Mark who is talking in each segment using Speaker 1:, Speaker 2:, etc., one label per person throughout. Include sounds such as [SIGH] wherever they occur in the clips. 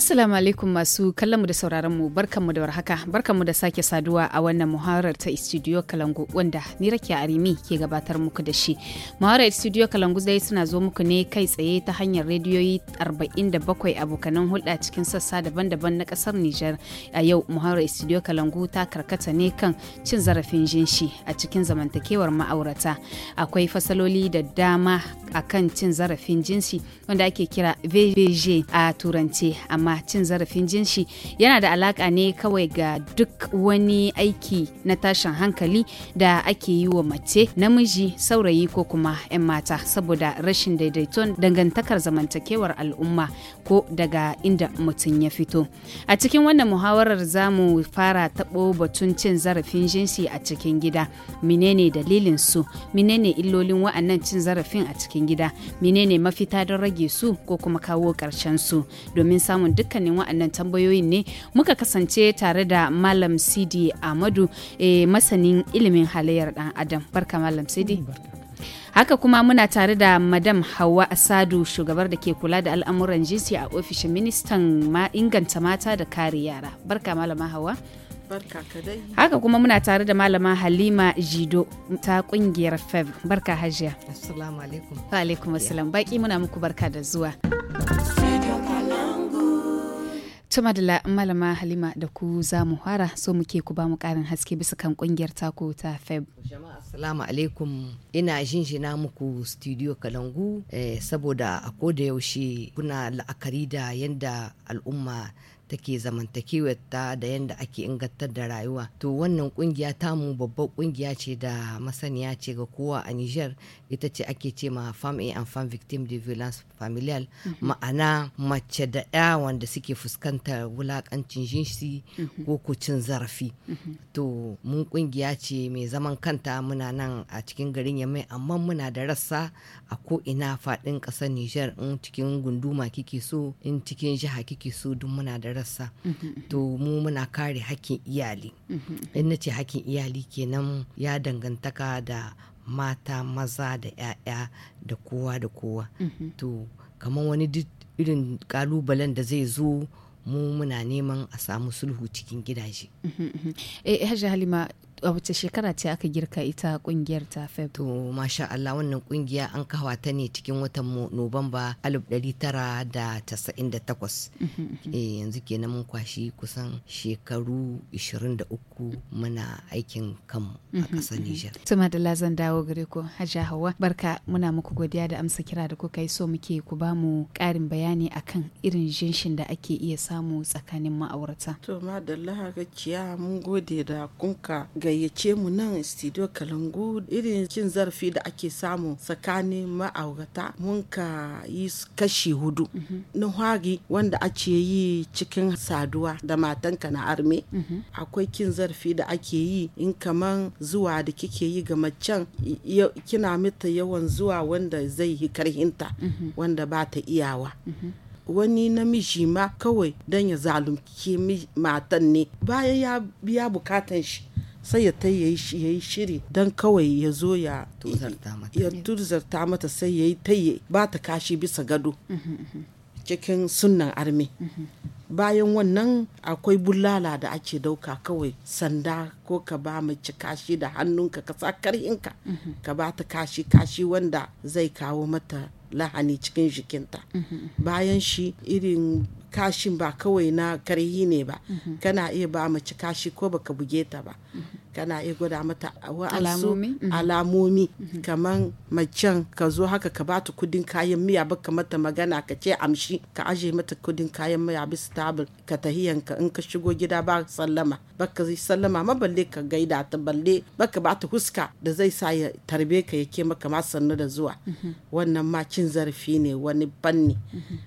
Speaker 1: Assalamu alaikum masu kallonmu da sauraronmu barkanmu da warhaka barkanmu da sake saduwa a wannan muharar ta Studio Kalangu wanda ni Rakiya Arimi ke gabatar muku da shi. Muharar Studio Kalangu dai suna zo muku ne kai tsaye ta hanyar rediyoyi 47 abokanan hulɗa cikin sassa daban-daban na kasar Nijar. A yau muharar Studio Kalangu ta karkata ne kan cin zarafin jinshi a cikin zamantakewar ma'aurata. Akwai fasaloli da dama akan cin zarafin jinsi wanda ake kira VVG a turanci amma kuma cin zarafin jinsi yana da alaka ne kawai ga duk wani aiki na tashin hankali da ake yi wa mace namiji saurayi ko kuma 'yan mata saboda rashin daidaiton dangantakar zamantakewar al'umma ko daga inda mutum ya fito a cikin wannan muhawarar za mu fara taɓo batun cin zarafin jinsi a cikin gida menene dalilin su menene illolin wa'annan cin zarafin a cikin gida menene mafita don rage su ko kuma kawo ƙarshen su domin samun dukkanin waɗannan tambayoyin ne muka kasance tare da malam sidi amadu eh, masanin ilimin halayyar dan adam barka malam sidi mm, haka kuma muna tare da madam hawa asadu shugabar da ke kula da al'amuran jinsi a ofishin ministan ma inganta mata da kare yara barka malama hawa haka kuma muna tare da malama halima jido ta kungiyar feb barka hajiya
Speaker 2: assalamu alaikum
Speaker 1: wa alaikum assalam baki muna muku barka da zuwa Tuma da malama Halima da ku za mu fara so
Speaker 2: muke ku ba mu karin haske bisa kan kungiyar
Speaker 1: taku ta FEB.
Speaker 3: Jama'a
Speaker 2: assalamu alaikum ina jinjina muku studio Kalangu eh, saboda a koda yaushe kuna la'akari da yanda al'umma take zamantakewar ta da yadda ake ingantar da rayuwa to wannan kungiya tamu babbar kungiya ce da masaniya ce ga kowa a niger ita ce ake ce ma farm a and farm victim de violence familial mhm. ma'ana mace da ɗaya wanda suke fuskantar wulakancin jinsi mhm. ko kucin zarafi mhm. to mun kungiya ce mai zaman kanta muna nan a cikin garin yamai amma muna da rassa a ko ina faɗin ƙasar niger in cikin gunduma kike so in cikin jiha kike so duk muna da rassa mm-hmm. to mu muna kare hakkin iyali mm-hmm. in na ce hakkin iyali kenan ya dangantaka da mata maza da 'ya'ya da kowa da kowa mm-hmm. to kamar wani duk irin kalubalen da zai zo mu muna neman a samu sulhu cikin gidaje. Eh Hajji Halima a wace shekara ce aka girka ita kungiyar ta feb to masha Allah wannan kungiya an kawa ta ne cikin watan Nuwamba 1998 mm-hmm. eh yanzu kenan mun kwashi kusan shekaru 23 muna aikin kanmu a mm-hmm, ƙasar mm-hmm. Nijar
Speaker 1: to da zan dawo gare ku Hajja Hawa barka muna muku godiya da amsa kira da kuka yi so muke ku ba mu ƙarin bayani akan irin jinshin da ake iya samu tsakanin ma'aurata
Speaker 4: to madalla gaciya mun gode da kunka ga gayyace mu nan studio kalangu irin cin zarafi da ake samu tsakanin ma'aurata mun ka yi kashi hudu na hwari wanda ake yi cikin saduwa da matanka na arme akwai kin zarafi da ake yi in kaman zuwa da kike yi ga macen kina mita yawan zuwa wanda zai yi karhinta wanda ba ta iyawa wani namiji ma kawai don ya zalunci matan ne bayan ya biya bukatan shi sai ya ta yayi shiri don kawai ya zo ya turzarta mata sai yayi ta ba ta kashi bisa gado cikin sunan armi bayan wannan akwai bulala da ake dauka kawai sanda ko ka ba mace kashi da hannunka ka sa karhinka ka ba ta kashi kashi wanda zai kawo mata lahani cikin jikinta bayan shi irin kashin ba kawai na karhi ne ba mhm. kana iya ba mace kashi ko baka buge ta ba mhm. kana iya gwada mata wa'ansu alamomi mhm. mhm. kamar macen ka zo haka ka ba ta kudin kayan miya ba ka mata magana ka ce amshi ka aje mata kudin kayan miya bisa tabir ka tahiyanka in ka shigo gida ba sallama baka sallama ma balle ka gaida ta balle baka ta huska da zai sa ya tarbe ka yake maka ma sannu da zuwa mhm. wannan ma cin zarafi ne wani fanni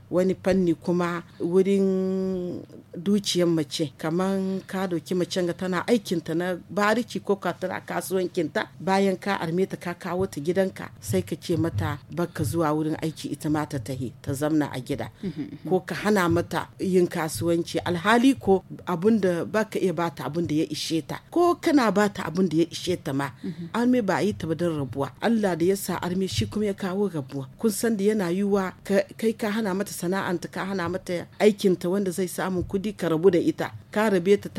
Speaker 4: wani fanni kuma wurin duciyar mace kaman ka doki macen tana aikinta na ba bariki ko ka tana kasuwancinta bayan ka arme ta ka kawo ta gidanka sai ka ce mata baka zuwa wurin aiki ita ma ta tahi ta zamna a gida mm-hmm. ko ka hana mata yin kasuwanci alhali ko abun da baka iya bata abun da ya ishe ta ko kana bata abun da ya ishe ta ma mm-hmm. arme ba a yi ta ba don rabuwa Allah da ya sa arme shi kuma ya kawo rabuwa kun san da yana yiwuwa kai ka hana mata sana'anta ka hana mata aikinta wanda zai samu kudi ka rabu da ita ka rabe ta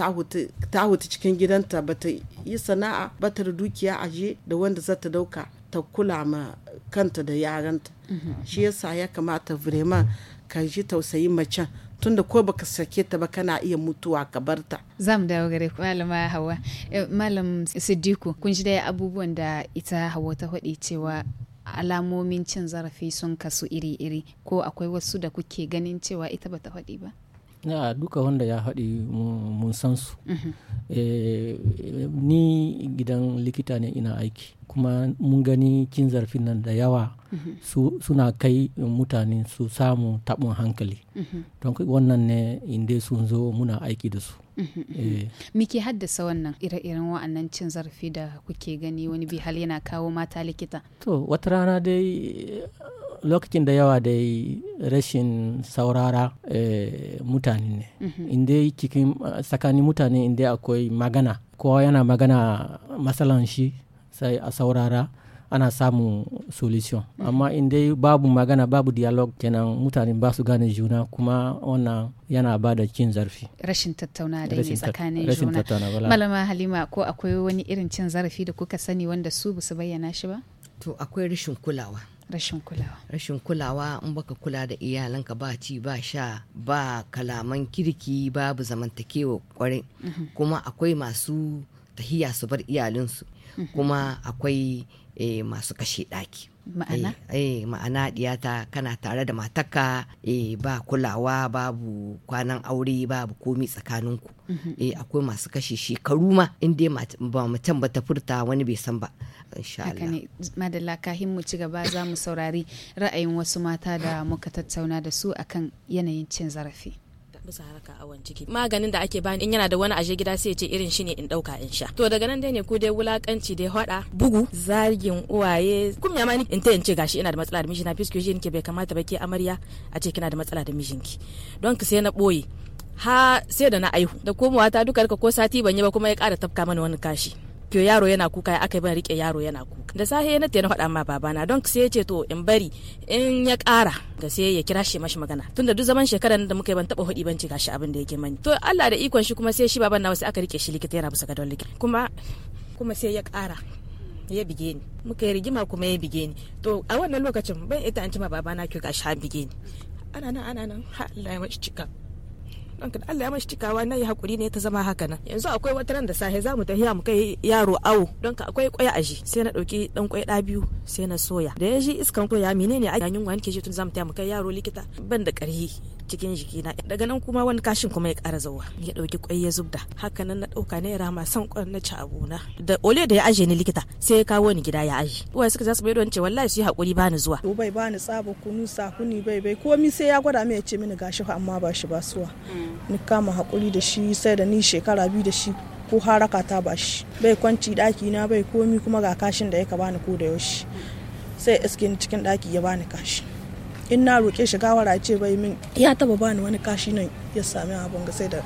Speaker 4: ta huta cikin gidanta ba ta yi sana'a da dukiya aje da wanda za ta dauka ta kula ma kanta da yaranta mhm. shi yasa ya kamata vraiment ka ji tausayin macen tunda ko baka sake ta ba kana iya mutuwa ka barta.
Speaker 1: Zam dawo gare ku malama Hawa. Eh, Malam Siddiku kun ji dai abubuwan da ita Hawa ta faɗi cewa alamomin cin zarafi sun kasu iri-iri ko akwai wasu da kuke ganin cewa ita ba ta faɗi ba.
Speaker 5: ya duka wanda ya haɗi mun san su mhm. eh, ni gidan likita ne ina aiki kuma mun gani kin zarfin nan da yawa mhm. suna kai mutane su samu taɓin hankali mhm. don wannan ne inda sun zo muna aiki da su
Speaker 1: Miki eh. haddasa wannan ire-iren wa'annan cin zarfi da kuke gani wani bihal yana kawo mata likita
Speaker 5: to wata rana dai lokacin da yawa dai rashin saurara eh, mutane ne mm -hmm. inda cikin tsakanin mutane inda akwai magana kowa yana magana matsalan shi sai a saurara ana samun solution mhm. amma inda babu magana babu dialog kenan mutane ba su gane juna kuma wannan yana ba da cin zarafi rashin tattauna da ne tsakanin juna
Speaker 1: malama halima ko akwai wani irin cin zarafi da kuka sani wanda su su bayyana shi ba
Speaker 2: to akwai rashin kulawa rashin kulawa rashin kulawa in baka kula da iyalanka ba ci ba sha ba kalaman kirki babu zamantakewa kwarai mhm. kuma akwai masu tahiya su bar iyalinsu
Speaker 3: mm
Speaker 1: kuma
Speaker 2: akwai e, masu kashe daki. ma'ana eh, eh ma'ana diyata kana tare da matarka eh ba kulawa babu kwanan aure babu komi tsakaninku mhm. eh akwai masu kashe shekaru ma inda ba mutum ba ta furta wani bai san ba haka ne
Speaker 1: madalla kahin mu ci gaba za mu saurari ra'ayin wasu mata da muka tattauna da su akan yanayin cin zarafi bisa haraka awon ciki
Speaker 6: maganin da ake bani in yana da wani aje gida sai ya ce irin shi ne in dauka in sha to daga nan dai ne ku dai wulakanci dai hada bugu zargin uwaye kunya ma ni in ta ce gashi ina da matsala da mijina fiske shi ke bai kamata ba ke amarya a ce kina da matsala da mijinki don ka sai na boye ha sai da na aihu da komawa ta duka ko sati ban yi ba kuma ya kara tafka mana wani kashi ke yaro yana kuka ya aka bari rike yaro yana kuka da sahe na tana faɗa ma babana don sai ya ce to in bari in ya ƙara ga sai ya kira shi mashi magana tunda duk zaman shekaran da muka yi ban taɓa hudi ban ci gashi abin da yake mani to Allah da ikon shi kuma sai shi baban nawa sai aka rike shi likita yana bisa don likita kuma kuma sai ya ƙara ya bige ni muka yi rigima kuma ya bige ni to a wannan lokacin ban ita an ci ma babana ke gashi an bige ni ana nan ana nan ha Allah ya mashi cika don da Allah ya mashi cikawa na yi hakuri ne ta zama haka nan yanzu akwai wata ran da sahe zamu mu tafiya mu kai yaro awo don ka akwai kwai aji sai na ɗauki ɗan kwai ɗa biyu sai na soya da ya ji iskan koya menene a yanyin wani ke ji tun zamu mu tafiya mu kai yaro likita ban da ƙarhi cikin jikina daga nan kuma wani kashin kuma ya ƙara zawa ya dauki kwai ya zubda haka nan na ɗauka naira ma san kwan na ci abuna da ole da ya aje ni likita sai ya kawo ni gida ya aje uwaye suka zasu bai don ce wallahi su yi hakuri ba ni zuwa bai ba ni tsaba kunu sa kuni bai bai komi sai ya gwada min ya ce mini gashi fa amma ba shi ba suwa mm. ni kama hakuri da shi sai da ni shekara biyu da shi ko haraka ta ba shi bai kwanci daki na bai komi kuma ga kashin da ya ka bani ko da yaushe sai iske ni cikin daki ya bani kashi in na roƙe shi gawara ce bai min ya taba bani wani kashi nan ya sami abun ga sai da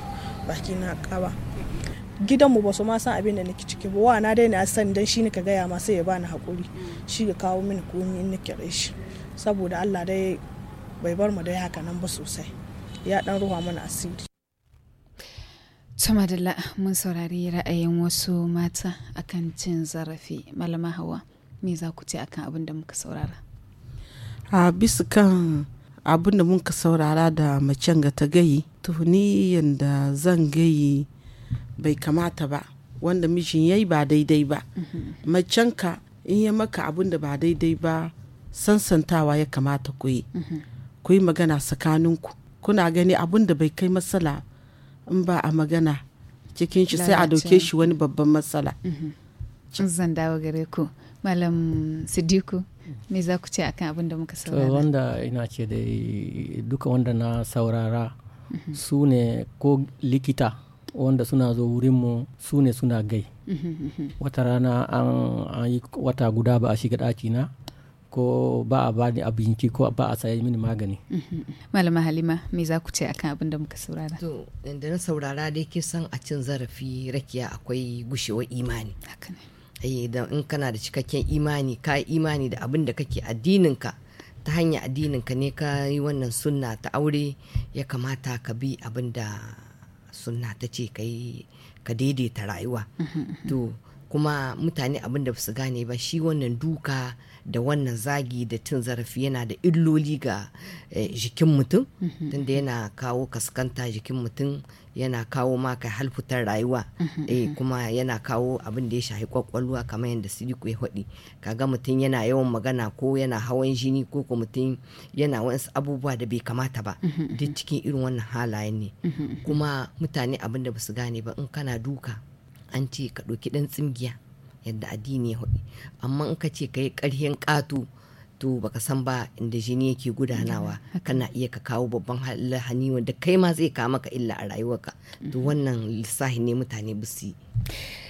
Speaker 6: baki na kaba gidan mu ba su ma san abin da nake ciki ba wa na dai na san dan shi ka gaya ma sai ya bani hakuri shi ya kawo mini komi in nake shi saboda Allah dai bai bar mu dai haka nan ba sosai ya dan ruwa mana asiri Tumadala mun saurari
Speaker 1: ra'ayin wasu mata akan cin zarafi malama hawa me za ku ce akan abin da muka saurara
Speaker 4: a bisa kan abin da mun ka saurara da macen ga ta gayi tuni yadda zan gayi bai kamata ba wanda mijin yayi ba daidai ba mm-hmm. macen ka in ya maka abin da ba daidai ba sansantawa ya kamata ku yi mm-hmm. ku yi magana tsakaninku kuna gani abin da bai kai matsala in ba a magana cikin shi sai a dauke shi
Speaker 5: wani babban matsala.
Speaker 1: Mm-hmm. zan dawo gare ku malam sidiku me za ku ce akan kan da muka saurara
Speaker 5: wanda ina ce da duka wanda na saurara mhm. su ne ko likita wanda suna zo wurinmu su ne suna gai mhm, mhm. wata rana an yi wata guda ba a shiga ɗaki na ko ba a bani abinci ko ba a sayi mini magani.
Speaker 1: Malama Halima
Speaker 2: me za ku ce akan kan da muka saurara? To da na saurara dai ke san a cin zarafi rakiya akwai gushewar imani. Haka ne. Eh, idan in kana da cikakken imani ka imani da abin da kake addininka ta hanyar addininka ne ka yi wannan sunna ta aure ya kamata ka bi abin da sunna ta ce ka ka daidaita rayuwa mm-hmm. to kuma mutane abin da su gane ba shi wannan duka da wannan zagi da cin zarafi yana da illoli ga eh, jikin mutum mm-hmm. tunda yana kawo kaskanta jikin mutum yana kawo maka halfutar rayuwa mm-hmm, eh mm-hmm. kuma yana kawo abin da ya shafi kwakwalwa kamar yadda Sidiku ya faɗi kaga mutum yana yawan magana ko yana hawan jini ko ko mutum yana wasu abubuwa da bai kamata ba mm-hmm, duk cikin irin wannan halayen ne kuma mutane abin da basu gane ba in kana duka an ce ka ɗauki ɗan tsingiya yadda addini ya faɗi amma in ka ce ka yi ƙarhin ƙato to baka san ba inda jini yake gudanawa kana iya ka kawo babban lahani wanda kai ma zai kawo maka illa a rayuwarka to mm-hmm. wannan lissahi ne mutane bisi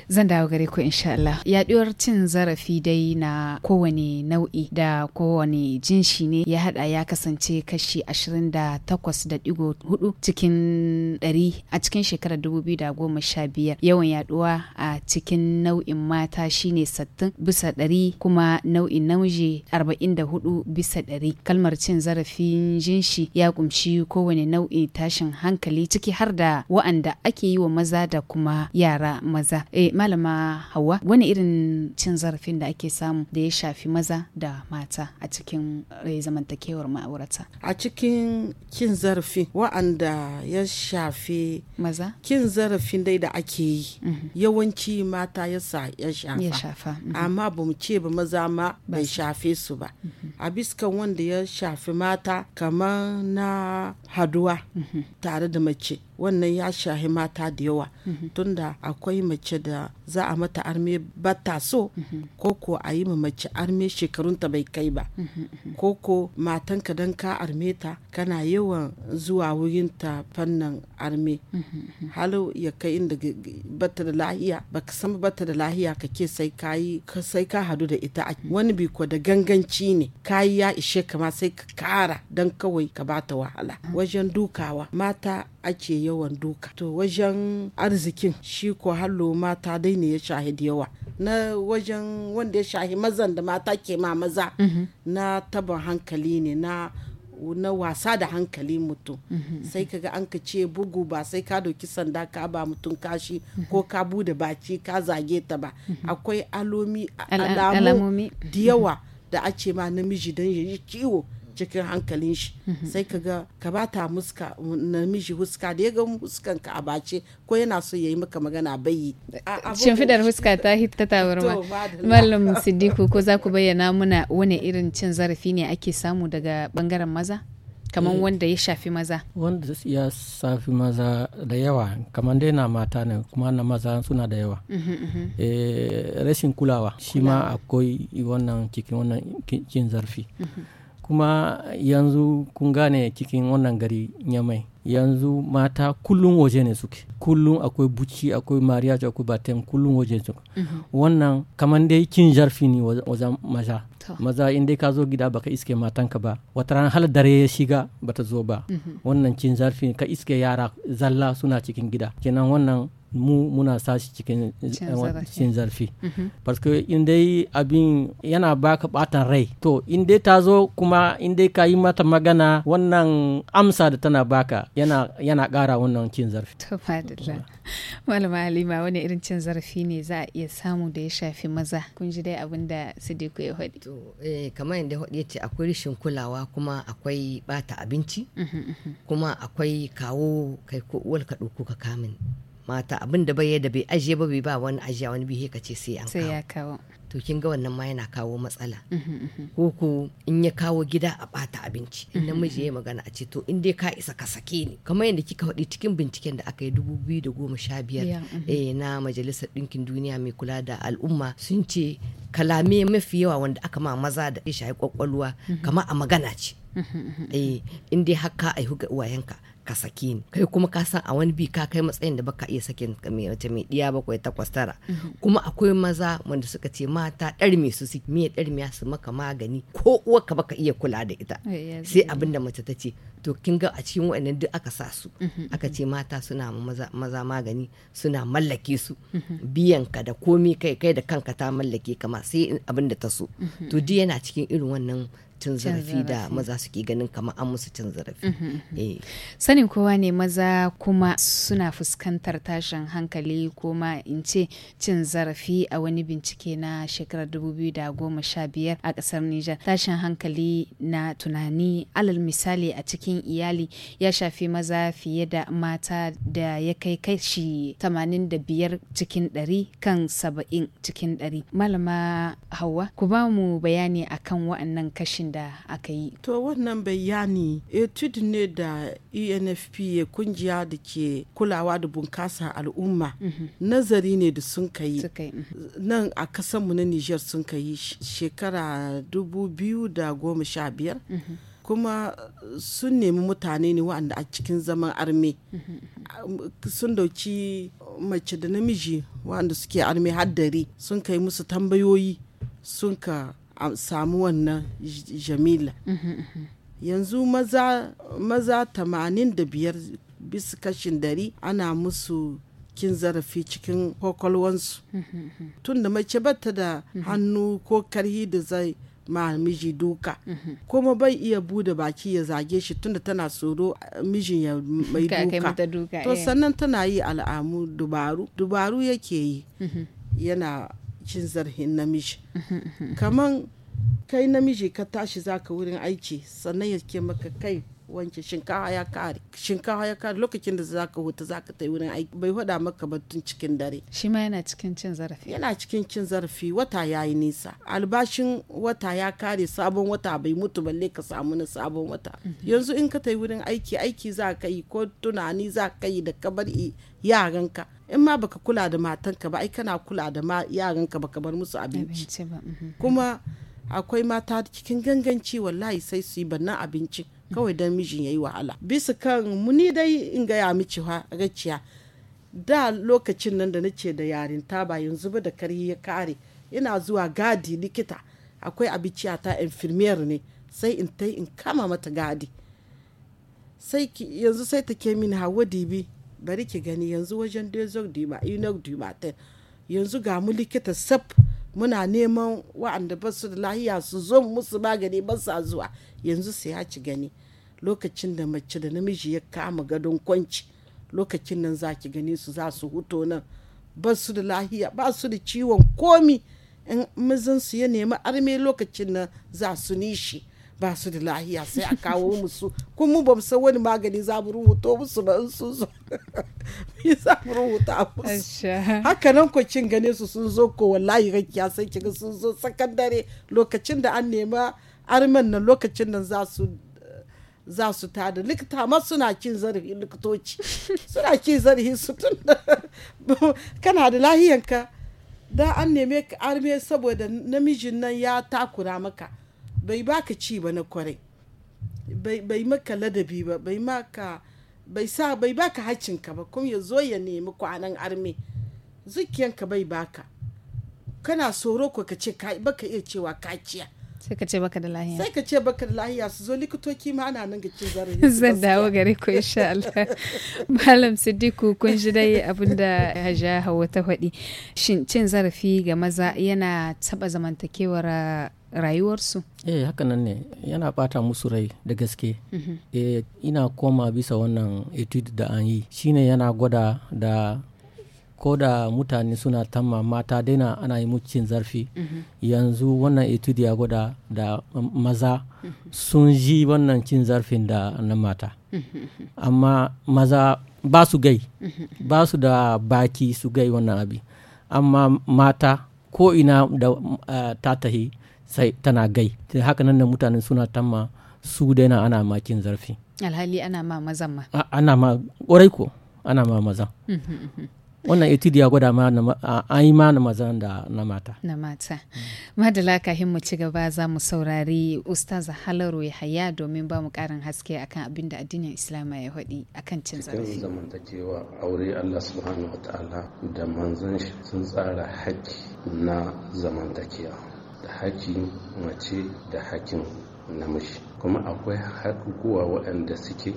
Speaker 1: zan dawo gare ku insha Allah yaduwar cin zarafi dai na kowane nau'i da kowane jinshi ne ya haɗa ya kasance kashi 28.4 cikin 100 a cikin shekarar 2015 yawan yaduwa a cikin nau'in mata shine 60 bisa 100 kuma nau'in namiji 44 bisa 100 kalmar cin zarafin jinshi ya kumshi kowane nau'in tashin hankali ciki har da wa'anda ake yi wa maza da kuma yara maza eh, malama hawa wani irin cin zarafin da ake samu da ya shafi maza da mata a cikin eh, zamantakewar ma'aurata a cikin cin zarafi
Speaker 4: wa'anda ya shafi maza cin zarafin dai da ake yi mhm. yawanci mata ya shafa mhm. amma ba mu ce ba maza ma bai shafe su ba mhm. a biskan wanda ya shafi mata kamar na haduwa tare da mace wannan ya shahi mata da yawa mhm. tunda akwai mace da za a mata arme ba ta so ko ko a yi mace arme shekarunta bai kai ba ko ko matanka don ka arme ta kana yawan zuwa wurinta fannin arme halu ya kai inda bata da lahiya ba ka san bata da lahiya kake sai kayi sai ka hadu da ita wani biko da ganganci ne ka yi ya ishe kama sai ka kara don kawai ka bata wahala wajen dukawa mata ake yawan duka to wajen arzikin shi ko hallo mata dai ne ya shahi da yawa na wajen wanda ya shahi mazan da mata ke ma maza mhm. na taban hankali ne na na wasa da hankali mutum mhm. sai kaga an ka ce bugu ba sai ka doki sanda ka ba mutum kashi mhm. ko ka bude baki ka zage ta ba akwai alamomi da yawa da a ce ma namiji don ya kiwo. cikin hankalin shi mhm. sai ka ga ka ba ta muska namiji huska da ya ga huskan ka a bace ko yana so ya yi maka magana bayi
Speaker 1: fidar huska ta ta warma? mallam siddiku ko za ku bayyana muna wani irin cin zarafi ne ake samu daga bangaren maza kamar eh. wanda ya shafi maza
Speaker 5: wanda ya shafi maza da yawa kamar dai na mata ne kuma na maza suna da yawa mhm, mhm. Eh, rashin kulawa shi ma akwai wannan cikin wannan cin zarfi kuma yanzu kun gane cikin wannan gari nyamai yanzu mata kullum waje ne suke kullum akwai buci akwai mariage akwai batem kullum waje suke mhm. wannan kamar dai kin jarfi ne wajen maza maza in dai ka zo gida baka iske matanka ba wata ran hal dare ya shiga bata zo ba mhm. wannan cin zarfi ka iske yara zalla suna cikin gida kenan wannan mu muna shi cikin cin eh, zarafi mm-hmm. parce que in dai abin yana baka batan rai to in dai ta zo kuma in dai ka yi mata magana wannan amsa da tana baka yana ƙara wannan cin zarafi to fadilla
Speaker 1: malama halima wani irin cin zarafi ne za a iya samu da ya shafi maza kun ji dai abin da sadiku ya faɗi to eh
Speaker 2: kamar yadda ya ce akwai rashin kulawa kuma akwai bata abinci mm-hmm, mm-hmm. kuma akwai kawo kai ko uwal ka ɗauko ka kamin mata abin da bai da bai ajiye ba bai ba wani ajiya wani bihe ka ce sai an kawo to kin ga wannan ma yana kawo matsala mhm, mhm. ko ko in ya kawo gida a bata abinci in mhm, namiji ya magana a ce to in dai ka isa ka sake ni kamar yadda kika faɗi cikin binciken da aka yi dubu biyu da goma sha biyar eh, na majalisar ɗinkin duniya mai kula da al'umma sun ce kalame mafi yawa wanda aka ma maza da ya shayi kwakwalwa kamar a magana ce eh in dai haka aihu ga uwayenka ka saki ni kai kuma ka san a wani bi ka kai matsayin da baka iya sakin mai wace mai diya bakwai takwas tara mhm. kuma akwai maza wanda suka ce mata ɗarme su su miya ɗarmiya su maka magani ko uwa ka baka iya kula da ita
Speaker 3: eh, sai abinda
Speaker 2: mace ta ce to kin ga a cikin wa'annan duk aka sa su mhm, aka mhm. ce mata suna maza, magani suna mallake su biyan ka da komi kai kai da kanka ta mallake kama sai abin da ta so to duk yana cikin irin wannan cin zarafi da maza suke ganin kamar an musu cin zarafi. Mm-hmm, mm-hmm. Eh.
Speaker 1: Sanin kowa ne maza kuma suna fuskantar tashin hankali kuma in ce cin zarafi a wani bincike na shekarar 2015 a kasar Nijar. Tashin hankali na tunani alal misali a cikin iyali ya shafi maza fiye da mata da ya kai kashi 85 cikin 100 kan 70 cikin 100. Malama Hauwa, ku ba mu bayani akan waɗannan kashin da aka yi
Speaker 4: to wannan bayani etude ne da enfp ya kungiya da ke kulawa da bunkasa al'umma mhm. nazari ne da sun kayi mhm. nan a mu na nijar sun kayi shekara 2015 mhm. kuma sun nemi mutane ne wa'anda a cikin zaman arme sun dauki mace da namiji wa'anda suke arme haddari sun kai musu tambayoyi sun ka a samu wannan jamila yanzu maza tamanin da biyar bisa kashin dari ana musu kin zarafi cikin kwakwalwansu tunda mace bata da hannu ko karhi da zai ma miji duka kuma bai iya bude baki ya zage shi tunda tana tsoro mijin ya mai duka to eh. sannan tana yi al'amu dubaru dubaru yake yi mhm. yana cin zarhin namiji kaman kai namiji ka tashi zaka wurin aiki sannan ya ke maka kai wanke shinkawa ya kare shinkawa ya kare lokacin da za huta ta yi wurin aiki bai hada maka batun cikin dare shi ma yana cikin cin zarafi yana cikin cin zarafi wata ya yi nisa albashin wata ya kare sabon wata bai mutu balle ka samu na sabon wata mhm. yanzu in ka ta yi wurin aiki aiki za ka yi ko tunani za ka yi da ka bar yaranka in ma baka kula da matanka ba ai kana kula da yaranka baka bar musu abinci mhm. kuma akwai mata cikin ganganci wallahi sai su yi bannan abinci kawai don mijin ya yi wahala bisa kan muni dai in gaya mici gaciya da lokacin nan da nace da yarinta ba yanzu ba da karhi ya kare ina zuwa gadi likita akwai abinci a ta infirmiyar ne sai in tai in kama mata gadi sai yanzu sai ta ke min hawa dibi bari ki gani yanzu wajen dezo dima inok dima yanzu ga mu likita sab muna neman wa'anda ba su da lahiya su zo musu magani ba sa zuwa yanzu sai ya ci gani lokacin da mace da namiji ya kama gadon kwanci lokacin nan za ki gani su za su huto nan ba su da lahiya ba su da ciwon komi in mazansu ya nemi arme lokacin nan za su nishi ba su da lahiya sai a kawo musu kun mu bamu san wani magani za mu rubuto musu ba in sun zo [LAUGHS] mi za mu rubuta musu haka nan ko kin gane su sun zo ko wallahi rakiya sai kiga sun zo tsakan dare lokacin da an nema armen nan lokacin nan za su za su tada likita ma suna cin zarafi likitoci [LAUGHS] suna cin zarafi su tun [LAUGHS] kana da lahiyanka da an neme ka arme saboda namijin nan ya takura maka bai baka ci ba na kwarai bai maka ladabi ba bai maka bai sa bai baka hacinka ba kuma ya zo ya nemi kwanan arme zukiyanka bai baka kana soro ko ka ce baka iya cewa kaciya
Speaker 1: sai ka ce baka da lahiya sai
Speaker 4: ka ce baka da lahiya su zo likitoci ma ana nan ga cin zarafi [LAUGHS] zan
Speaker 1: dawo gare ku insha Allah [LAUGHS] malam Siddiku kun ji dai abinda Hajiya Hauwa ta faɗi shin cin zarafi ga maza yana taba zamantakewar rayuwarsu
Speaker 5: eh hakanan ne yana bata musu rai da gaske mhm. eh ina koma bisa wannan etude da an yi shine yana gwada da ko da mutane suna tamma mata daina ana yi cin zarfi mhm. yanzu wannan etude ya gwada da maza mhm. sun ji wannan cin zarfin da na mata amma maza ba su gai ba su da baki su gai wannan abi amma mata ko ina da uh, eh, tatahi sai tana gai haka nan da mutanen suna tamma su daina ana makin zarfi
Speaker 1: alhali ana ma mazan ma
Speaker 5: ana ma ƙwarai ko ana ma mazan mm-hmm. wannan etid ya gwada ma an yi ma na maza da na mata
Speaker 1: na mata madala kahin mu ci gaba za mu saurari ustaz halaru haya domin ba mu karin haske akan abin da addinin islama ya hudi akan cin zarafi cikin
Speaker 7: zamantakewa aure allah subhanahu wa ta'ala da manzon shi sun tsara haƙƙi na zamantakewa hakkin mace da hakin namiji kuma akwai haƙuƙuwa waɗanda suke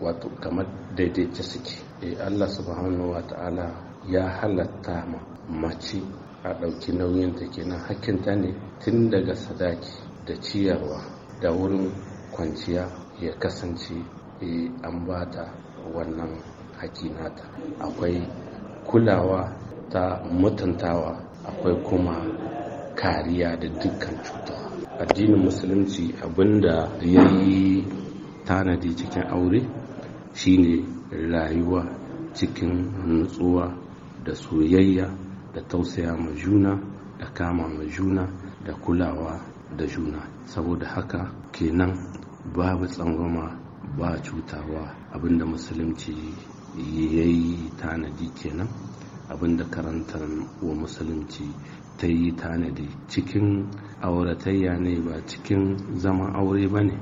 Speaker 7: wato kamar daidaita suke e allah subhanahu wa ta'ala ya halatta ma mace a ɗauki nauyin ta kenan ta ne tun daga sadaki da ciyarwa da wurin kwanciya ya kasance e an ba ta wannan hakinata akwai kulawa ta mutuntawa akwai kuma kariya da dukkan cuta addinin musulunci abinda ya yi tanadi cikin aure shine rayuwa cikin nutsuwa da soyayya da tausaya ma juna da kama ma juna da kulawa da juna saboda haka kenan babu tsangwama ba cutawa abinda musulunci ya yi tanadi kenan abinda karantar wa musulunci ta yi tanadi cikin auratayya ne ba cikin zaman aure ba ne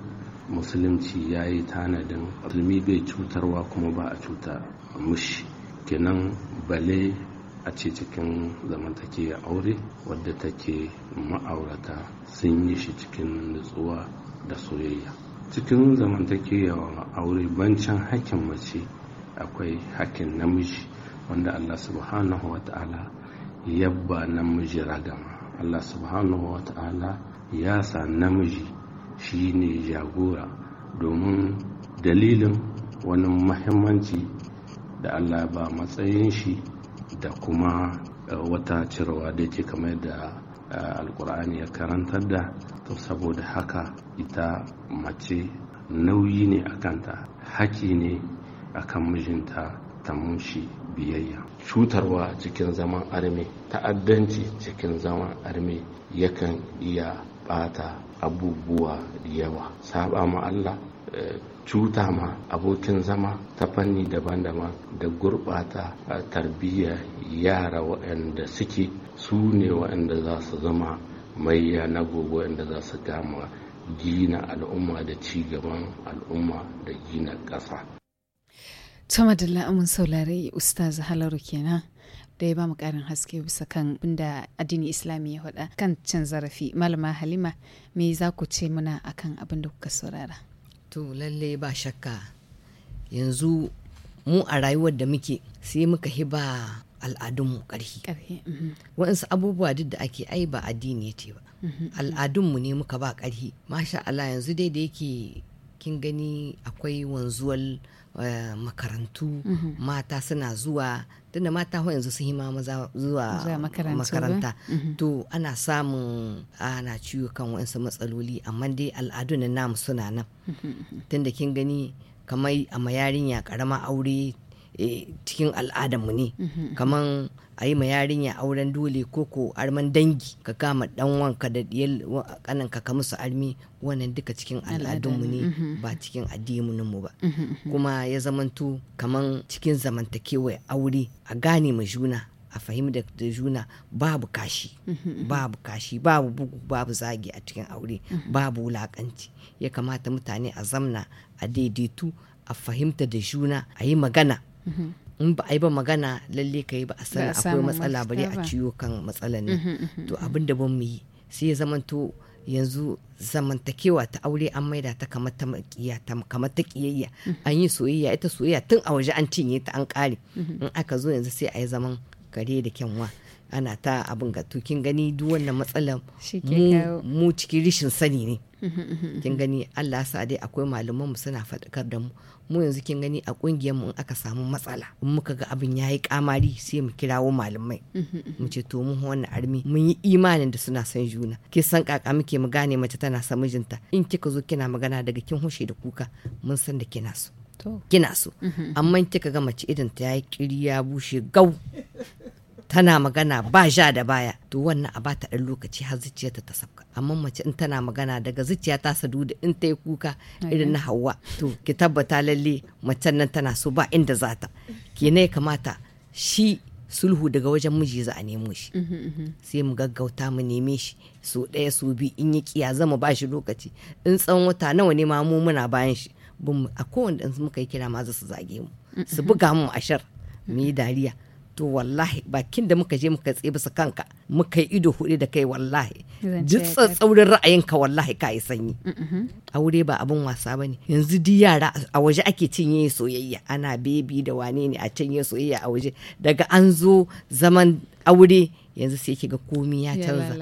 Speaker 7: musulunci ya yi tanadin musulmi bai cutarwa kuma ba a cuta mushi kenan bale a ce cikin zamantake aure wadda take ma'aurata sun yi shi cikin nutsuwa da soyayya cikin zamantakewa aure bancin hakkin mace akwai hakkin namiji wanda allah subhanahu wa ta'ala yabba namiji ragama Allah subhanahu wa ta'ala ya sa namiji shi ne jagora domin dalilin wani mahimmanci da Allah ba matsayin shi da kuma eh, wata cirewa da ke kamar da eh, alkur'ani ya karantar da to saboda haka ita mace nauyi ne a kanta haƙi ne a kan mijinta ta mushi biyayya cutarwa cikin zaman arme ta'addanci cikin zaman arme yakan iya bata abubuwa da yawa saba ma Allah eh, cuta ma abokin zama ta fanni daban-daban da gurɓata eh, tarbiyya yara waɗanda suke su ne waɗanda za su zama maiya na gobe waɗanda za su gama gina al'umma da ci gaban al'umma da gina ƙasa
Speaker 1: To madalla amin saulare Ustaz Halaru kenan. da ya ba mu karin haske bisa kan da addini islami ya hada kan cin zarafi malama halima me za ku ce muna akan abin da kuka saurara to lalle ba shakka
Speaker 2: yanzu mu a rayuwar da muke sai muka hiba al'adunmu ƙarfi mhm. waɗansu abubuwa duk da ake ai ba addini ce ba mhm, mhm. al'adunmu ne muka ba ƙarfi masha Allah yanzu dai da yake kin gani akwai wanzuwar Eh, makarantu mhm. mata suna zuwa tunda mata yanzu sun yi maza zuwa makaranta mhm. to ana samun ana ciwo kan waɗansu matsaloli amma dai al'adun na namu suna nan mhm, tunda kin gani kamar a mayarin ya karama aure Eh, cikin al'adarmu ne mhm. kaman a yi ma yarinya auren dole koko arman dangi ka kama dan wanka da kanan ka musu armi wannan duka cikin al'adunmu ne mhm. ba cikin addininmu ba mhm, kuma ya zamantu kaman cikin zamantakewa aure a gane ma juna a fahimi da juna babu kashi babu kashi babu bugu babu zagi a cikin aure babu wulakanci ya kamata mutane a zamna a daidaitu a fahimta da juna a yi magana in ba a yi ba magana lalle ka yi ba a san akwai matsala bari a ciwo kan matsalan ne mm-hmm, mm-hmm, to mm-hmm. abin da ban mu yi sai ya zamanto yanzu zamantakewa ta aure an maida ta kamar ta makiya ta kamar ta kiyayya an yi soyayya ita soyayya tun a waje an cinye ta an kare in aka zo yanzu sai a yi zaman kare da kyanwa ana ta abin ga kin gani duk wannan matsalar mu cikin rishin sani ne
Speaker 3: mhm, mhm, mhm. kin
Speaker 2: gani Allah sa dai akwai malaman mu suna faɗakar da mu mu yanzu kin gani a kungiyar mu in aka samu matsala in muka ga abin yayi kamari sai mu kirawo malamai mu ce to mun wannan armi mun yi imanin da suna son juna ke san kaka muke mu gane mace tana son mijinta in kika zo kina magana daga kin hushe da kuka mun san da kina so kina so amma kika ga mace idan ta yayi kiri ya bushe gau tana magana ba sha da baya to wannan a bata dan lokaci har zuciyarta ta sauka amma mace in tana magana daga zuciya ta sadu da in ta yi kuka irin na hawa to ki tabbata lalle mace nan tana so ba inda za ta ke ya kamata shi sulhu daga wajen miji za a nemo shi mhm, mhm. sai mu gaggauta mu neme shi so ɗaya so bi in yi kiya zama ba shi lokaci in tsawon wata nawa ne ma mu muna bayan shi a kowanne in muka yi kira ma za su zage mu mm, su mm. buga mu ashar mu yi dariya to wallahi bakin da muka je muka tsaye bisa kanka muka yi ido hudu da kai wallahi ji tsaurin ra'ayinka wallahi ka yi sanyi mm-hmm. aure ba abin wasa ba ne yanzu di yara a waje ake cinye soyayya ana bebi da wane ne a cinye soyayya a waje daga an zo zaman aure yanzu sai ke ga komi ya canza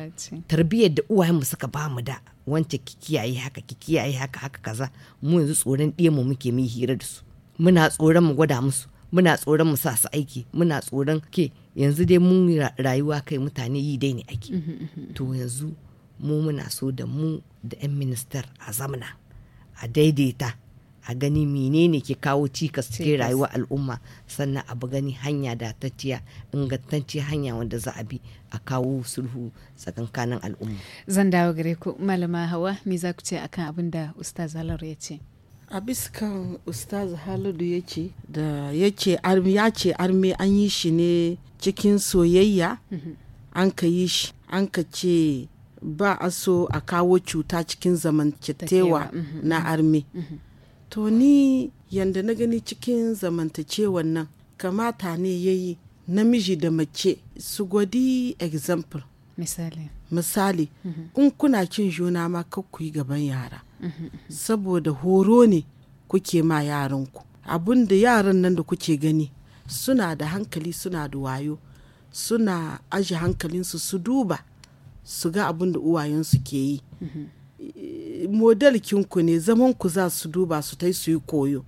Speaker 2: tarbiyyar da mu suka ba mu da wance ki kiyaye haka ki kiyaye haka haka kaza mu yanzu tsoron ɗiyanmu muke mu hira da su muna tsoron mu gwada musu muna tsoron mu sa su aiki muna tsoron ke yanzu dai mun rayuwa kai mutane yi dai ne aiki mm-hmm, mm-hmm. to yanzu mu muna so da mu da 'yan ministar a zamana a daidaita a gani menene ke kawo cikas cikin rayuwar al'umma sannan abu gani hanya da datacciya ingantacci hanya wanda za a bi a kawo sulhu tsakankanin al'umma
Speaker 1: zan dawo gare ku malama hawa me za ku ce akan abin da ustaz zalar ya ce a
Speaker 4: biskan ustaz haladu ya ce da ya ce ya ce arme an yi shi ne cikin soyayya mhm. an ka yi shi an ka ce ba a so a kawo cuta cikin zamantakewa mhm, na mhm, arme to ni yanda na gani cikin zamantakewan nan kamata ne ya yi namiji da mace su gwadi example misali misali in kuna cin juna ma ku yi gaban yara saboda horo ne kuke ma yaranku abun da yaran nan da kuke gani suna da hankali suna da wayo suna aji hankalinsu su duba su ga abin da uwayensu ke yi model kinku ne zamanku za su duba su tai su yi koyo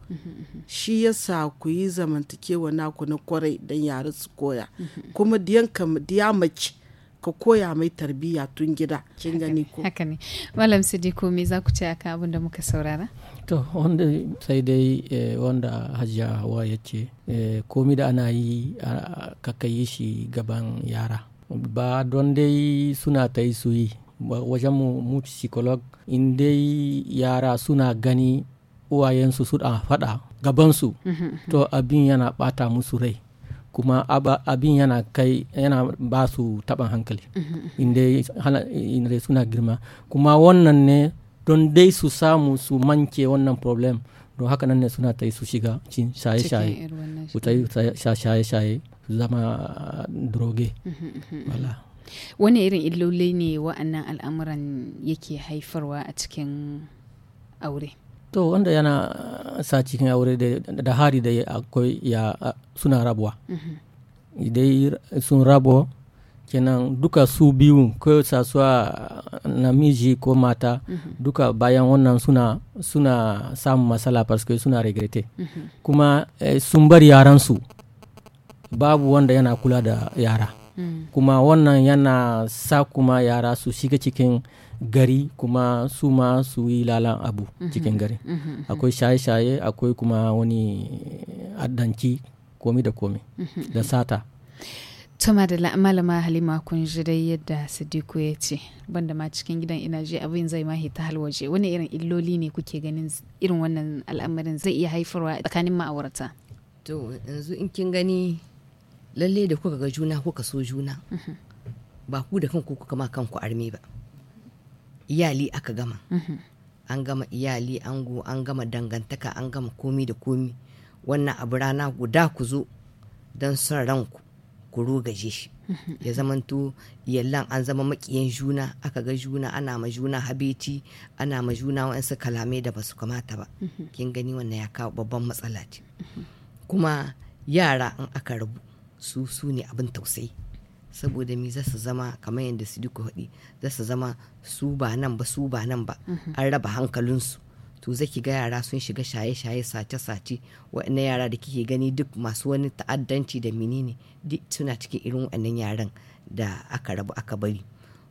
Speaker 4: shi yasa ku yi zamantakewa naku na kwarai don yare su koya kuma diyamaki.
Speaker 1: ka koya mai tarbiyya tun gida
Speaker 4: kin gani ko haka
Speaker 1: ne malam sidiko me za ku ce aka abin da muka saurara
Speaker 5: to wanda sai dai eh, wanda hajiya hawa ya ce eh, komi da ana yi ka kai shi gaban yara ba don dai suna ta yi su yi wajen mu psikolog in dai yara suna gani uwayensu suna faɗa gabansu mhm, mhm. to abin yana ɓata musu rai kuma abin yana kai yana ba su taɓin hankali mm-hmm. inda suna girma kuma wannan ne don dai su samu su manke wannan problem don haka nan ne suna ta su shiga shaye-shaye su ta shaye-shaye su zama ah, droge mm-hmm.
Speaker 1: wani irin illoli ne wa'annan al'amuran yake haifarwa a cikin aure
Speaker 5: to wanda yana sa cikin aure da hari da akwai ya suna rabuwa idan mm-hmm. sun rabo kenan duka su biyu ko sasuwa namiji ko mata mm-hmm. duka bayan wannan suna suna samun matsala parce suna regrete mm-hmm. kuma eh, sun bar su babu wanda yana kula da yara mm. kuma wannan yana sa kuma yara su shiga cikin gari kuma su ma su yi lalan abu mhm. cikin gari mhm, mhm, akwai shaye-shaye akwai kuma wani eh, addanci komi da komi da sata
Speaker 1: tuma da malama halima kun ji dai yadda sadiku ya ce banda ma cikin gidan ina je abin zai ma ta halwaje wani irin illoli ne kuke ganin irin wannan al'amarin zai iya haifarwa tsakanin ma'aurata
Speaker 2: to yanzu in kin gani lalle da kuka ga juna kuka so juna ba ku da kanku kuka ma kanku armi ba iyali aka gama mhm. an gama iyali ango an gama dangantaka an gama komi da komi wannan abu rana guda ku zo don son ranku ku rogaje shi mhm. ya zamanto yallan an zama makiyan juna aka ga juna ana ma juna habeci ana ma juna wa'ansu kalamai da ba su kamata ba mhm. kin gani wannan ya kawo babban matsala ce kuma yara in aka rabu su su ne abin tausayi saboda mi za su zama kamar yadda su duka haɗi za su zama su ba nan ba su ba nan ba mhm. an raba hankalinsu to zaki ga yara sun shiga shaye-shaye sace-sace waɗannan yara da kike gani duk masu wani ta'addanci da menene duk suna cikin irin waɗannan yaran da aka rabu aka bari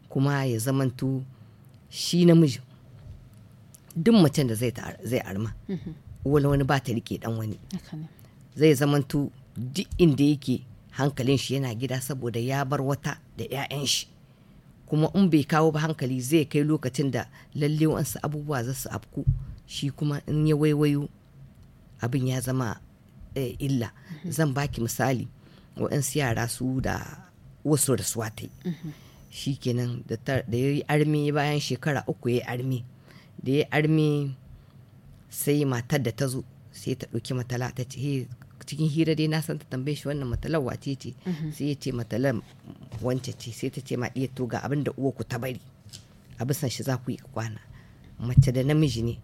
Speaker 2: kuma ya zamanto shi namiji duk macen da zai arma mhm. wani wani ba ta rike dan wani zai zamanto duk inda yake hankalin shi yana gida saboda ya bar wata da 'ya'yan shi kuma in bai kawo ba hankali zai kai lokacin da lalle wasu abubuwa za su afku shi kuma in ya waiwayo abin ya zama eh, illa mhm. zan baki misali waɗansu yara su da wasu rasuwa ta mhm. shi kenan da ya yi armi bayan shekara uku ya yi armi da ya yi armi sai matar da ta zo sai ta ɗauki matala ta ce cikin hira dai na san ta tambaye shi wannan matalar wace ce mhm. sai ya ce matalar wance ce sai ta ce ma iya to ga abin da uwa ku ta bari a bisan shi za ku yi kwana mace da namiji ne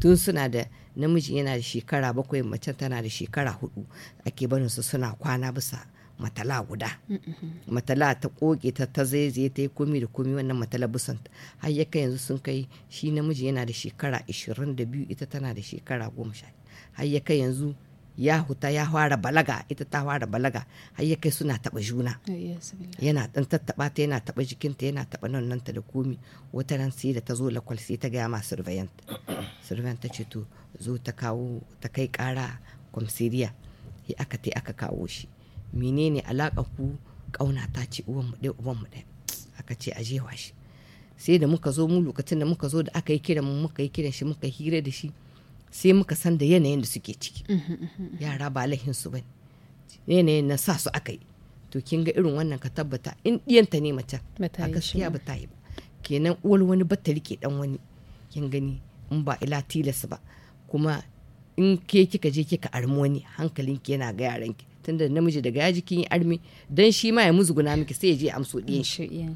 Speaker 2: tun suna da namiji yana da shekara bakwai mace tana da shekara hudu ake barin su suna kwana bisa matala guda
Speaker 3: mm-hmm.
Speaker 2: matala ta koke ta ta zaizaye ta yi komi da komi wannan matala bisan har ya kai yanzu sun kai shi namiji yana da shekara 22 ita tana da shekara 10 har ya kai yanzu ya huta ya fara balaga ita ta fara balaga har ya kai suna taba juna eh, yana dan tattaba ta yana taba jikinta yana taba nan ta da komi wata ran sai da ta zo lakwal sai ta gaya ma surveillant [COUGHS] surveillant ta ce to zo ta kawo ta kai kara komsiriya ya aka tai aka kawo shi menene alaka ku kauna ta ce uwan mu dai uwan mu dai aka ce a jewa shi sai da muka zo mu lokacin da muka zo da aka yi kiran mu muka yi kiran shi muka hira da shi sai muka san da yanayin da suke ciki
Speaker 3: mm-hmm, mm-hmm, mm-hmm.
Speaker 2: yara ba lahin su ba yanayin na sa su aka yi to kin ga irin wannan ka tabbata in diyanta ne mace a gaskiya ba ta yi ba kenan uwar wani batta rike dan wani kin gani in ba ila tilas ba kuma in ke kika je kika armi wani hankalinki yana ga yaran ki. tunda namiji daga ya yi armi dan shi ma ya muzguna miki sai ya je amso diyan shi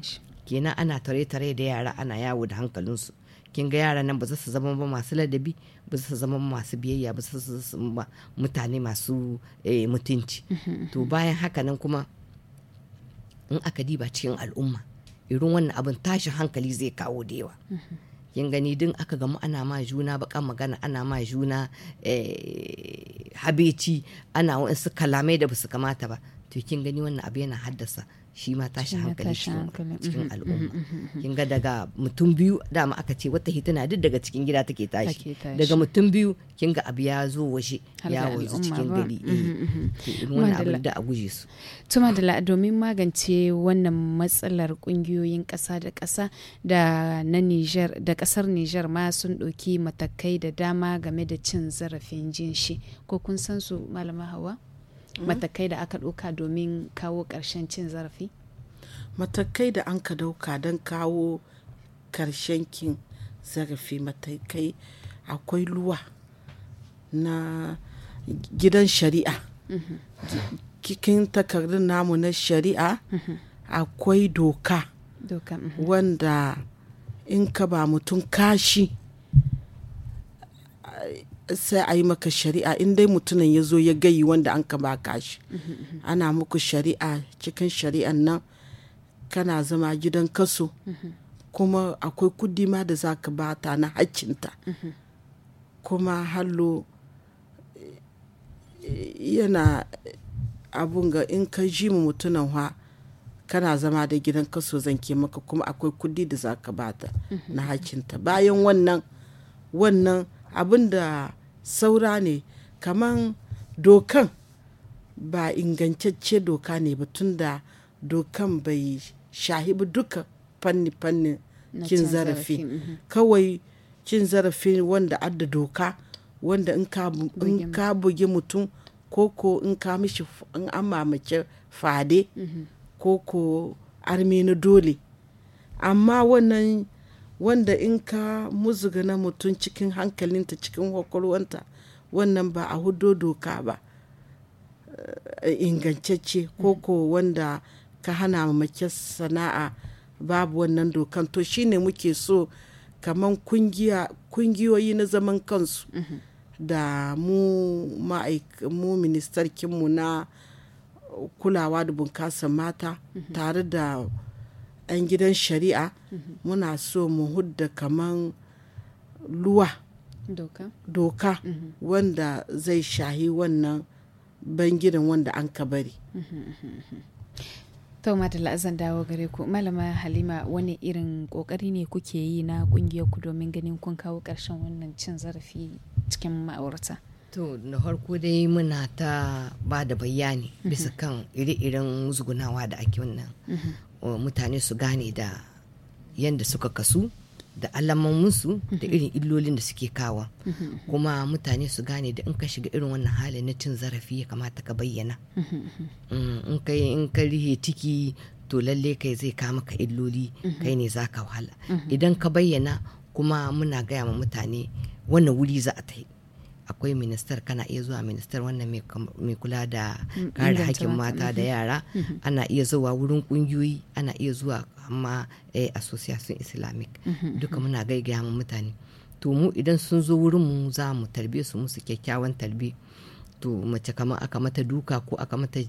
Speaker 2: kenan ana tare tare da yara ana yawo da hankalinsu kin ga yara nan ba za su zama ba masu ladabi ba su zama masu biyayya ba su zama mutane masu eh, mutunci mm-hmm. to bayan haka nan kuma in aka diba cikin al'umma irin wannan abin tashin hankali zai kawo da yawa mm-hmm. kin gani din aka gamu ana ma juna bakan magana ana ma juna eh, habeci ana wa'insu kalamai da ba su kamata ba to kin gani wannan abu yana haddasa shi ma tashi hankali cikin mm-hmm, al'umma mm-hmm, mm-hmm. kin ga daga mutum biyu dama aka ce wata hituna duk daga cikin gida take tashi daga mutum biyu kin ga abu ya zo waje ya wanzu cikin gari eh, wani abin da a guje su
Speaker 1: tuma da domin magance wannan matsalar kungiyoyin ƙasa da ƙasa da na Niger da ƙasar Niger ma sun ɗauki matakai da dama game da cin zarafin jinshi ko kun san su malama hawa Mm-hmm. matakai da aka ɗauka domin kawo ƙarshen cin zarafi
Speaker 4: matakai da an ka ɗauka don kawo ƙarshen cin zarafi matakai akwai luwa na gidan shari'a mm-hmm. cikin takardun namu na shari'a mm-hmm. akwai doka wanda in ka ba mutum kashi sai a yi maka shari'a in dai mutumin ya zo ya gayi wanda an ka baka shi ana muku shari'a cikin shari'an nan kana zama gidan kaso kuma akwai kudi ma da za ka bata na haccinta kuma hallo yana abun ga in ka ji mu mutunan ha kana zama da gidan kaso zan ke maka kuma akwai kudi da za ka bata na haccinta bayan wannan wannan abin da saura ne kaman dokan ba ingantacce doka ne ba tunda dokan bai shahibi duka fanni-fannin cin zarafi mhm. kawai cin zarafi wanda adda doka wanda in ka bugi mutum koko in ka mishi in an fade koko mhm. arme na dole amma wannan wanda in ka na mutum cikin hankalinta cikin kwakwalwanta wannan ba a hudo doka ba eh, ingancacce mm. ko wanda ka hana mace sana'a babu wannan dokan to shine muke so kamar kungiyoyi na zaman kansu mm-hmm. da mu mu ministarkinmu na kulawa da bunkasa mata mm-hmm. tare da 'yan gidan shari'a muna so mu hudda kaman luwa doka, mhm. wanda zai shahi wannan bangidan wanda an ka bari
Speaker 1: mm -hmm, dawo gare ku malama halima wani irin kokari ne kuke yi na kungiyar ku domin ganin kun kawo karshen wannan cin zarafi cikin ma'aurata
Speaker 2: to na harko dai muna ta ba da bayani mhm. bisa kan iri-irin zugunawa da ake wannan mutane su gane da yadda suka kasu da alamominsu da irin illolin da suke kawo. kuma mutane su gane da in ka shiga irin wannan hali na cin zarafi ya kamata ka bayyana mm, in ka yi in ka rihe ciki to lalle kai zai kama ka illoli kai ne za ka wahala idan ka bayyana kuma muna gaya ma mutane wannan wuri za a ta akwai ministar kana iya zuwa ministar wannan mai kula da mm, kare hakkin mata da mm-hmm. yara mm-hmm. ana iya zuwa wurin kungiyoyi ana iya zuwa amma eh, association islamic mm-hmm, duka muna gaigaya mu mutane to mu idan sun zo wurin mu za mu tarbe su musu kyakkyawan tarbe to mace kamar aka mata duka ko aka mata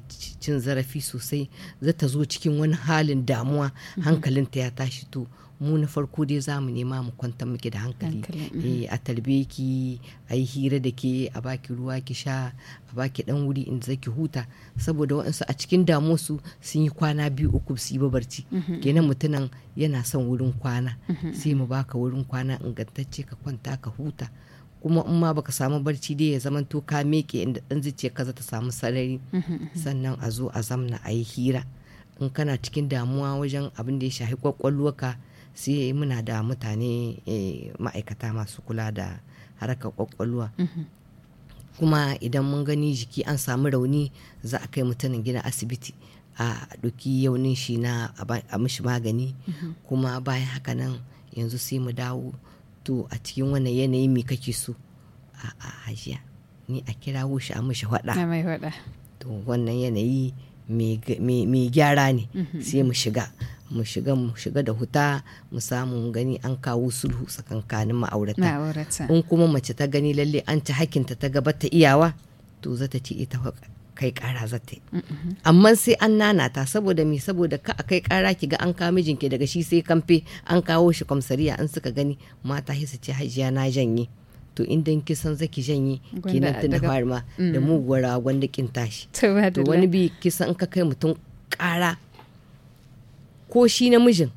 Speaker 2: cin zarafi sosai zata zo cikin wani halin damuwa hankalinta ya tashi to mu na farko dai za mu nema mu kwantar muke da hankali mm-hmm. eh, a tarbe ki a yi hira da ke a baki ruwa ki sha a baki dan wuri in zaki huta saboda waɗansu a cikin damuwa sun yi kwana biyu uku su yi babarci mm-hmm. kenan mutunan yana son wurin kwana mm-hmm. sai mu baka wurin kwana ingantacce ka kwanta ka huta kuma in ma baka samu barci dai ya zama to ka meke inda dan zuciya ka ta samu sarari sannan a zo a zamna a yi hira in kana cikin damuwa wajen abin da ya shafi kwakwalwarka sai muna da mutane eh, ma'aikata masu kula da harkar kwakwalwa mhm. kuma idan mun gani jiki an samu rauni za a kai mutanen gina asibiti a ɗauki yaunin shi na a mishi magani mhm. kuma bayan haka nan yanzu sai mu dawo to a cikin wannan yanayi mai kake so a hajiya ni a kira shi a mishi hada to wannan yanayi mai gyara ne mhm. sai mu shiga mu shiga mu shiga da huta mu samu mu gani an kawo sulhu tsakankanin ma'aurata in kuma mace ta gani lalle an ci hakinta ta gaba ta iyawa to za ta ci ita kai kara za ta amma sai an nana ta saboda me saboda ka kai kara ki ga an kawo mijinki daga shi sai kamfe an kawo shi kwamsariya an suka gani mata su ce hajiya na janye to in dan kisan zaki janye kenan tun da farma mm. da muguwar ragon gwanda kin tashi to wani bi kisan ka kai mutum kara ko shi namijin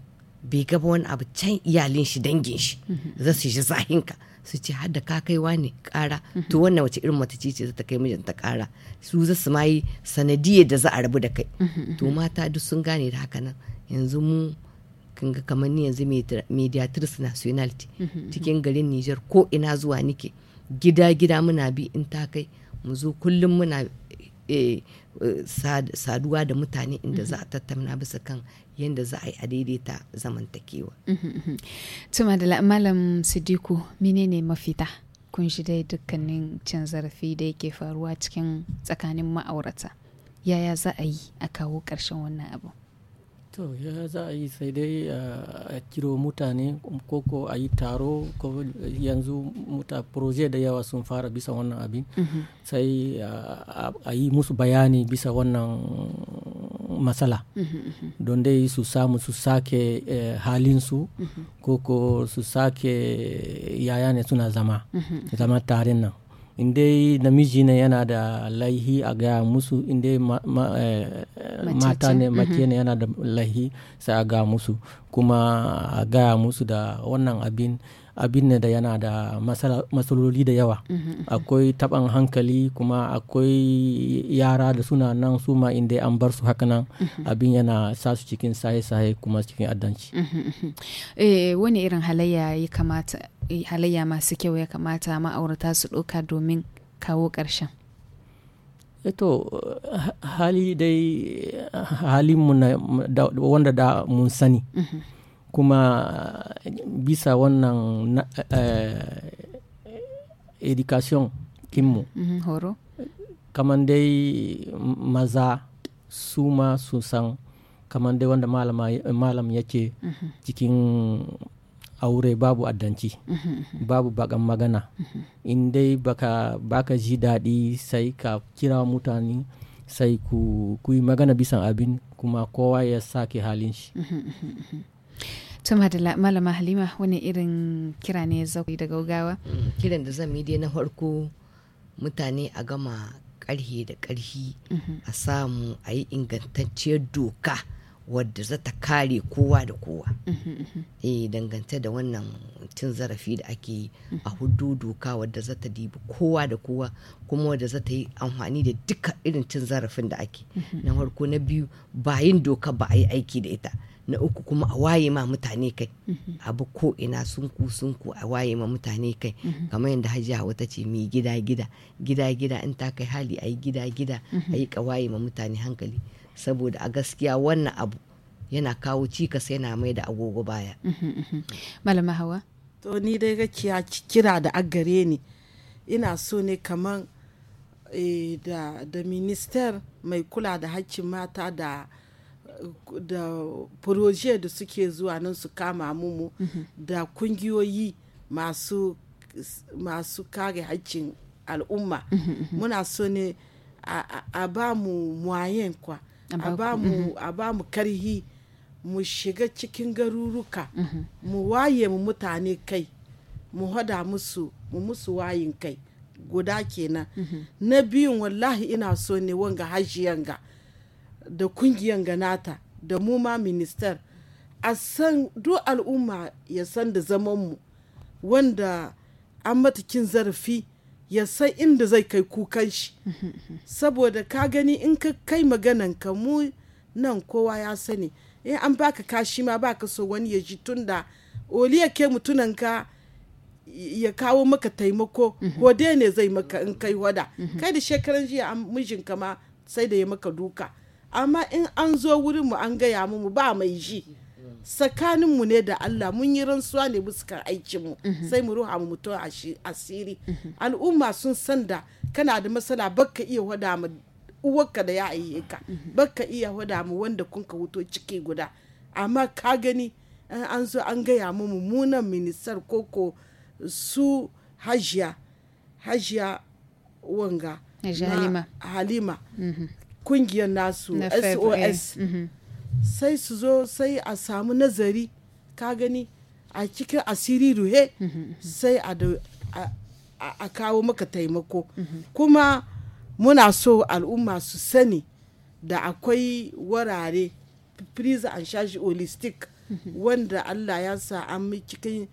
Speaker 2: bai gaba wani abu can iyalin shi dangin shi za su shi zahinka su ce har da ka kaiwa ne kara to wannan wace irin mace ce za ta kai mijinta kara su za su mayi sanadiyar da za a rabu da kai to mata duk sun gane da haka nan yanzu mu kan ga kamar ni yanzu mediatrix nationality cikin garin Niger ko ina zuwa nike gida gida muna bi in ta kai mu zo kullum muna eh, eh, saduwa da mutane inda za a tattauna bisa kan yadda za a yi a daidaita zamantakewa.
Speaker 1: Mhm, mhm. Tuma da Malam Sidiku menene mafita? Kun shi dai dukkanin cin zarafi da yake faruwa cikin tsakanin ma'aurata. Yaya za a yi a kawo ƙarshen wannan abu?
Speaker 5: To, ya za a yi sai dai eh, a kiro mutane koko a yi taro ko yanzu muta proje da yawa sun fara bisa wannan abin. Mhm. Sai eh, a yi musu bayani bisa wannan matsala mhm, mhm. don dai su samu su sake eh, halinsu mhm. ko ko su sake yaya ne suna zama zama tarin nan indai namiji ne yana da laihi a gaya musu indai eh, mata ne mace ne yana da laihi sai a ga musu kuma a gaya musu da wannan abin abin ne da yana da matsaloli da yawa mm-hmm, mm-hmm. akwai taban hankali kuma akwai yara da suna nan su ma inda an bar su haka nan mm-hmm. abin yana sa su cikin saye-saye kuma cikin addanci
Speaker 1: eh, wani irin halayya masu kyau ya kamata ma'aurata su ɗauka domin kawo ƙarshen
Speaker 5: Eto eh hali dai halinmu wanda da mun sani kuma bisa wannan eh, education kinmu
Speaker 1: mm-hmm, horo
Speaker 5: kamar dai maza su ma su san kamar dai wanda malam ya ce mm-hmm. cikin aure babu addanci mm-hmm. babu bakan magana in dai baka baka ji daɗi sai ka kira mutane sai ku yi magana bisan abin kuma kowa ya sake halin shi
Speaker 2: tun malama halima wani irin kira ne zaku da gaugawa mm, kiran da zan dai na farko mutane a gama karhe da karhi mm-hmm. a samu a yi ingantacciyar doka wadda za ta kare kowa da kowa mm-hmm, mm-hmm. eh dangantar da wannan cin zarafi da ake yi a hudu doka wadda za ta dibi kowa da kowa kuma wadda za ta yi amfani da duka irin cin zarafin da ake na farko na biyu bayin doka ba a yi aiki da ita na uku kuma a waye ma mutane kai mhm. abu ko ina sunku sunku a waye ma mutane kai mhm. kamar yadda hajiya wata ce mi gida gida gida gida in ta kai hali a yi gida gida mhm. a yi waye ma mutane hankali saboda a gaskiya wannan abu yana kawo cikas yana mai da agogo baya malama hawa
Speaker 1: to ni dai gakiya kira
Speaker 4: da agare ne ina so ne kamar eh, da da minister mai kula da haƙƙin mata da da proje da suke zuwa nan su kama mu da kungiyoyi masu masu kare haƙƙin al'umma muna so ne a ba mu mwayen kwa mhm. a ba mu karhi mu shiga cikin garuruka mhm. mu waye mu mutane kai mu hada musu mu musu wayin kai guda kenan mhm. na biyun wallahi ina so ne wanga hajiyanga ga da kungiyan ganata da mu ma minister a san duk al'umma ya san da zamanmu wanda an matakin zarafi ya san inda zai kai kukan shi saboda ka gani in ka kai maganan ka mu nan kowa ya sani in an baka kashi ma baka so wani ya ji tunda oliya ya ke mutunan ka ya kawo maka taimako hode ne zai maka in kai wada kai da shekaran jiya mijinka ma sai da ya maka duka amma in an zo wurin mu an gaya mu ba mai ji tsakaninmu ne da Allah mun yi rantsuwa ne buskar aikin mu mhm. sai mu ruha mu mutu asiri mhm. al'umma sun san da kana da matsala baka iya wada mu uwarka da ya ayyuka ka mhm. baka iya wada mu wanda kun ka wuto ciki guda amma ka gani an zo an gaya mu mummunan ministar koko su hajiya hajiya wanga halima kungiyar nasu sos mm-hmm. sai su zo sai a samu nazari ka gani a cikin asiri ruhe mm-hmm. sai a kawo maka taimako mm-hmm. kuma muna so al'umma su sani da akwai warare prison and charge holistic wanda allah ya sa an cikin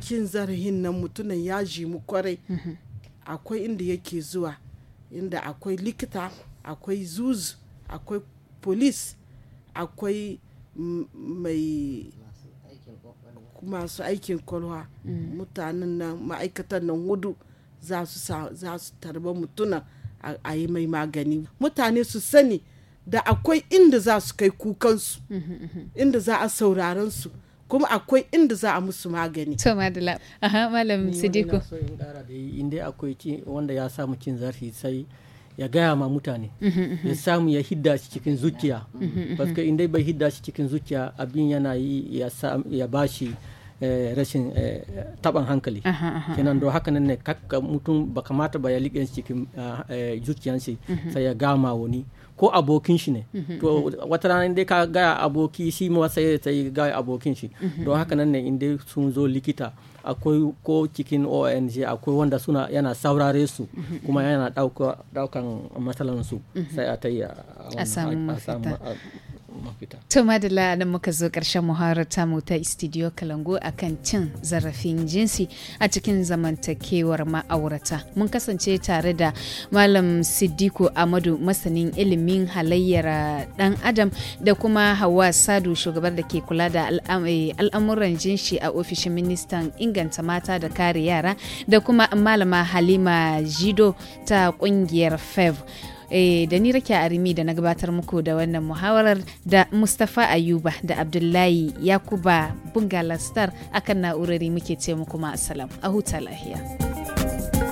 Speaker 4: cin zarafin nan mutunan ya mu kwarai akwai inda yake zuwa inda akwai likita akwai zuz akwai police akwai mai masu aikin kwalwa mm. mutanen nan ma'aikatan nan hudu za su tarba mutuna a yi mai magani mutane su sani da akwai inda za su kai kukansu mhm, mhm. inda za a sauraron su kuma akwai inda za a musu magani. To madala, aha malam sidiko
Speaker 5: Ni wani na in kara da yi inda akwai wanda ya samu cin zafi. sai ya gaya ma mutane mhm, mhm. ya samu ya hidda shi cikin zuciya mhm, paske in dai bai hidda shi cikin zuciya abin yana yi ya bashi eh, rashin eh, taban hankali kenan don haka nan ne mutum ba kamata ba ya liƙe cikin ah, eh, zuciyansa sai ya gama wani ko abokin shi ne mhm, to mhm. wata rana inda ka gaya aboki shi ma sai ta yi gaya abokin shi don mhm, haka nan ne inda sun zo likita akwai ko cikin ong akwai wanda suna yana saurare su kuma yana daukan matsalan su sai a ta yi a samu mafita.
Speaker 1: To madalla nan muka zo ƙarshen muhawarar mu ta Studio Kalango kan cin zarafin jinsi a cikin zamantakewar ma'aurata. Mun kasance tare da Malam Siddiku Amadu masanin ilimin halayyar ɗan Adam da kuma Hawa Sadu shugabar da ke kula da eh, al'amuran jinsi a ofishin ministan inganta mata da kare yara da kuma Malama Halima Jido ta kungiyar FEV. eh, da ni rake arimi da na gabatar muku da wannan muhawarar da mustafa ayuba da abdullahi yakuba bungala star akan na'urari muke ce muku ma'asalam a huta lahiya.